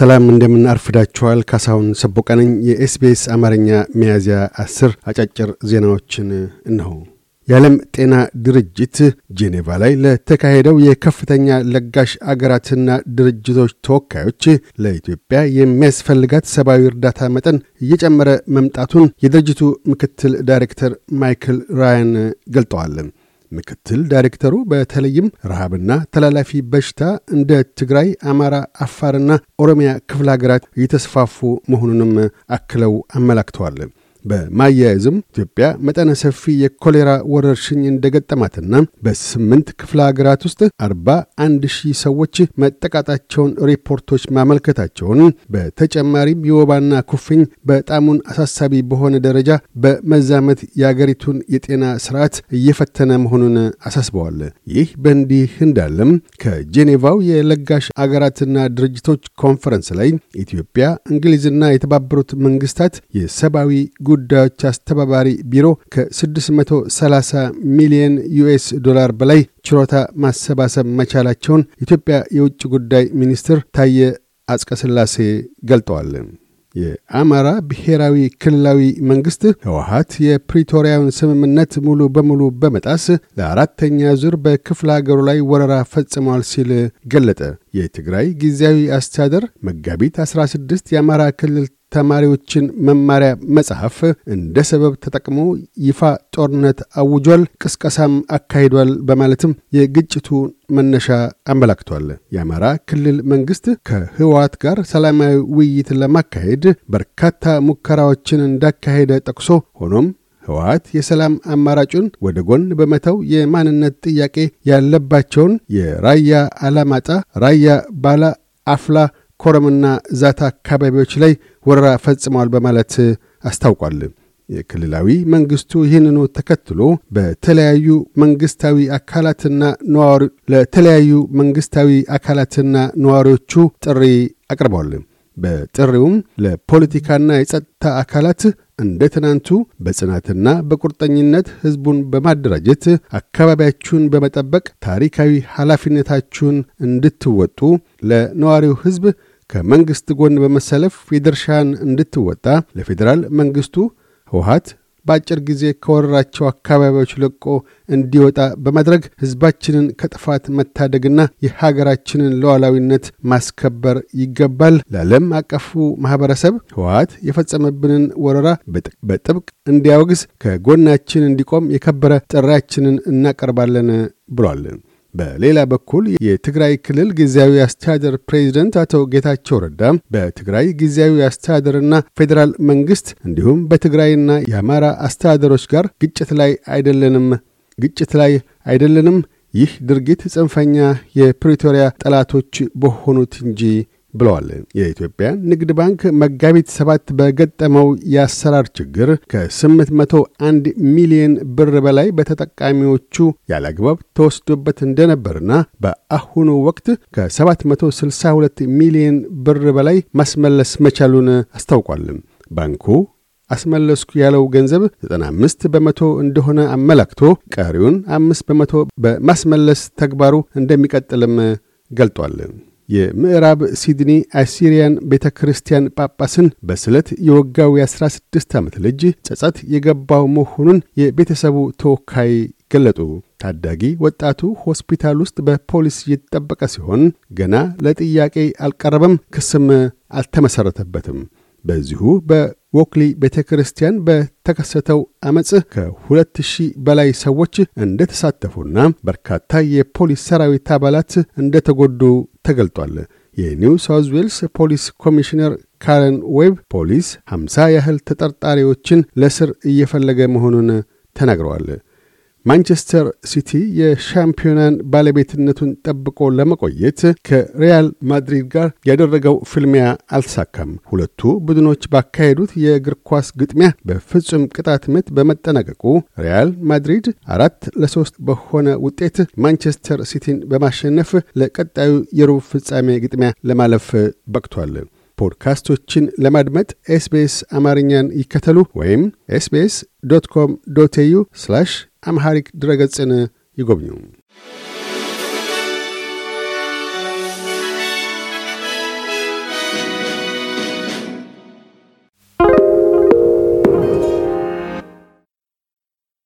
ሰላም እንደምን አርፍዳችኋል። ካሳሁን ሰቦቀነኝ የኤስቤስ የኤስቢኤስ አማርኛ ሚያዝያ አስር አጫጭር ዜናዎችን እነሆ። የዓለም ጤና ድርጅት ጄኔቫ ላይ ለተካሄደው የከፍተኛ ለጋሽ አገራትና ድርጅቶች ተወካዮች ለኢትዮጵያ የሚያስፈልጋት ሰብአዊ እርዳታ መጠን እየጨመረ መምጣቱን የድርጅቱ ምክትል ዳይሬክተር ማይክል ራያን ገልጠዋል። ምክትል ዳይሬክተሩ በተለይም ረሃብና ተላላፊ በሽታ እንደ ትግራይ፣ አማራ፣ አፋርና ኦሮሚያ ክፍለ ሀገራት እየተስፋፉ መሆኑንም አክለው አመላክተዋል። በማያያዝም ኢትዮጵያ መጠነ ሰፊ የኮሌራ ወረርሽኝ እንደገጠማትና በስምንት ክፍለ ሀገራት ውስጥ አርባ አንድ ሺህ ሰዎች መጠቃጣቸውን ሪፖርቶች ማመልከታቸውን በተጨማሪም የወባና ኩፍኝ በጣሙን አሳሳቢ በሆነ ደረጃ በመዛመት የአገሪቱን የጤና ስርዓት እየፈተነ መሆኑን አሳስበዋል። ይህ በእንዲህ እንዳለም ከጄኔቫው የለጋሽ አገራትና ድርጅቶች ኮንፈረንስ ላይ ኢትዮጵያ፣ እንግሊዝና የተባበሩት መንግስታት የሰብአዊ ጉዳዮች አስተባባሪ ቢሮ ከ630 ሚሊዮን ዩኤስ ዶላር በላይ ችሮታ ማሰባሰብ መቻላቸውን የኢትዮጵያ የውጭ ጉዳይ ሚኒስትር ታየ አጽቀስላሴ ገልጠዋል። የአማራ ብሔራዊ ክልላዊ መንግሥት ህወሀት የፕሪቶሪያውን ስምምነት ሙሉ በሙሉ በመጣስ ለአራተኛ ዙር በክፍለ አገሩ ላይ ወረራ ፈጽሟል ሲል ገለጠ። የትግራይ ጊዜያዊ አስተዳደር መጋቢት 16 የአማራ ክልል ተማሪዎችን መማሪያ መጽሐፍ እንደ ሰበብ ተጠቅሞ ይፋ ጦርነት አውጇል፣ ቅስቀሳም አካሂዷል በማለትም የግጭቱ መነሻ አመላክቷል። የአማራ ክልል መንግስት ከህወሓት ጋር ሰላማዊ ውይይት ለማካሄድ በርካታ ሙከራዎችን እንዳካሄደ ጠቅሶ ሆኖም ህወሓት የሰላም አማራጩን ወደ ጎን በመተው የማንነት ጥያቄ ያለባቸውን የራያ አላማጣ፣ ራያ ባላ አፍላ ኮረምና ዛታ አካባቢዎች ላይ ወረራ ፈጽመዋል በማለት አስታውቋል። የክልላዊ መንግስቱ ይህንኑ ተከትሎ በተለያዩ መንግስታዊ አካላትና ነዋሪ ለተለያዩ መንግስታዊ አካላትና ነዋሪዎቹ ጥሪ አቅርበዋል። በጥሪውም ለፖለቲካና የጸጥታ አካላት እንደ ትናንቱ በጽናትና በቁርጠኝነት ሕዝቡን በማደራጀት አካባቢያችሁን በመጠበቅ ታሪካዊ ኃላፊነታችሁን እንድትወጡ ለነዋሪው ሕዝብ ከመንግሥት ጎን በመሰለፍ የድርሻን እንድትወጣ ለፌዴራል መንግሥቱ ህውሃት በአጭር ጊዜ ከወረራቸው አካባቢዎች ለቆ እንዲወጣ በማድረግ ሕዝባችንን ከጥፋት መታደግና የሀገራችንን ሉዓላዊነት ማስከበር ይገባል። ለዓለም አቀፉ ማኅበረሰብ ህወሀት የፈጸመብንን ወረራ በጥብቅ እንዲያወግዝ ከጎናችን እንዲቆም የከበረ ጥሪያችንን እናቀርባለን ብሏል። በሌላ በኩል የትግራይ ክልል ጊዜያዊ አስተዳደር ፕሬዚደንት አቶ ጌታቸው ረዳ በትግራይ ጊዜያዊ አስተዳደርና ፌዴራል መንግስት እንዲሁም በትግራይና የአማራ አስተዳደሮች ጋር ግጭት ላይ አይደለንም ግጭት ላይ አይደለንም። ይህ ድርጊት ጽንፈኛ የፕሪቶሪያ ጠላቶች በሆኑት እንጂ ብለዋል። የኢትዮጵያ ንግድ ባንክ መጋቢት ሰባት በገጠመው የአሰራር ችግር ከ801 ሚሊዮን ብር በላይ በተጠቃሚዎቹ አግባብ ተወስዶበት እንደነበርና በአሁኑ ወቅት ከ762 ሚሊዮን ብር በላይ ማስመለስ መቻሉን አስታውቋል። ባንኩ አስመለስኩ ያለው ገንዘብ 95 በመቶ እንደሆነ አመላክቶ ቀሪውን አምስት በመቶ በማስመለስ ተግባሩ እንደሚቀጥልም ገልጧል። የምዕራብ ሲድኒ አሲሪያን ቤተ ክርስቲያን ጳጳስን በስለት የወጋው የ16 ዓመት ልጅ ጸጸት የገባው መሆኑን የቤተሰቡ ተወካይ ገለጡ። ታዳጊ ወጣቱ ሆስፒታል ውስጥ በፖሊስ እየተጠበቀ ሲሆን ገና ለጥያቄ አልቀረበም፣ ክስም አልተመሠረተበትም። በዚሁ በወክሊ ቤተ ክርስቲያን በተከሰተው አመፅ ከሁለት ሺህ በላይ ሰዎች እንደተሳተፉና በርካታ የፖሊስ ሰራዊት አባላት እንደተጎዱ ተገልጧል። የኒው ሳውዝ ዌልስ ፖሊስ ኮሚሽነር ካረን ዌብ ፖሊስ 50 ያህል ተጠርጣሪዎችን ለስር እየፈለገ መሆኑን ተናግረዋል። ማንቸስተር ሲቲ የሻምፒዮናን ባለቤትነቱን ጠብቆ ለመቆየት ከሪያል ማድሪድ ጋር ያደረገው ፍልሚያ አልተሳካም። ሁለቱ ቡድኖች ባካሄዱት የእግር ኳስ ግጥሚያ በፍጹም ቅጣት ምት በመጠናቀቁ ሪያል ማድሪድ አራት ለሶስት በሆነ ውጤት ማንቸስተር ሲቲን በማሸነፍ ለቀጣዩ የሩብ ፍጻሜ ግጥሚያ ለማለፍ በቅቷል። ፖድካስቶችን ለማድመጥ ኤስቤስ አማርኛን ይከተሉ ወይም ኤስቤስ ዶት ኮም ዶት ኤዩ አምሃሪክ ድረገጽን ይጎብኙ።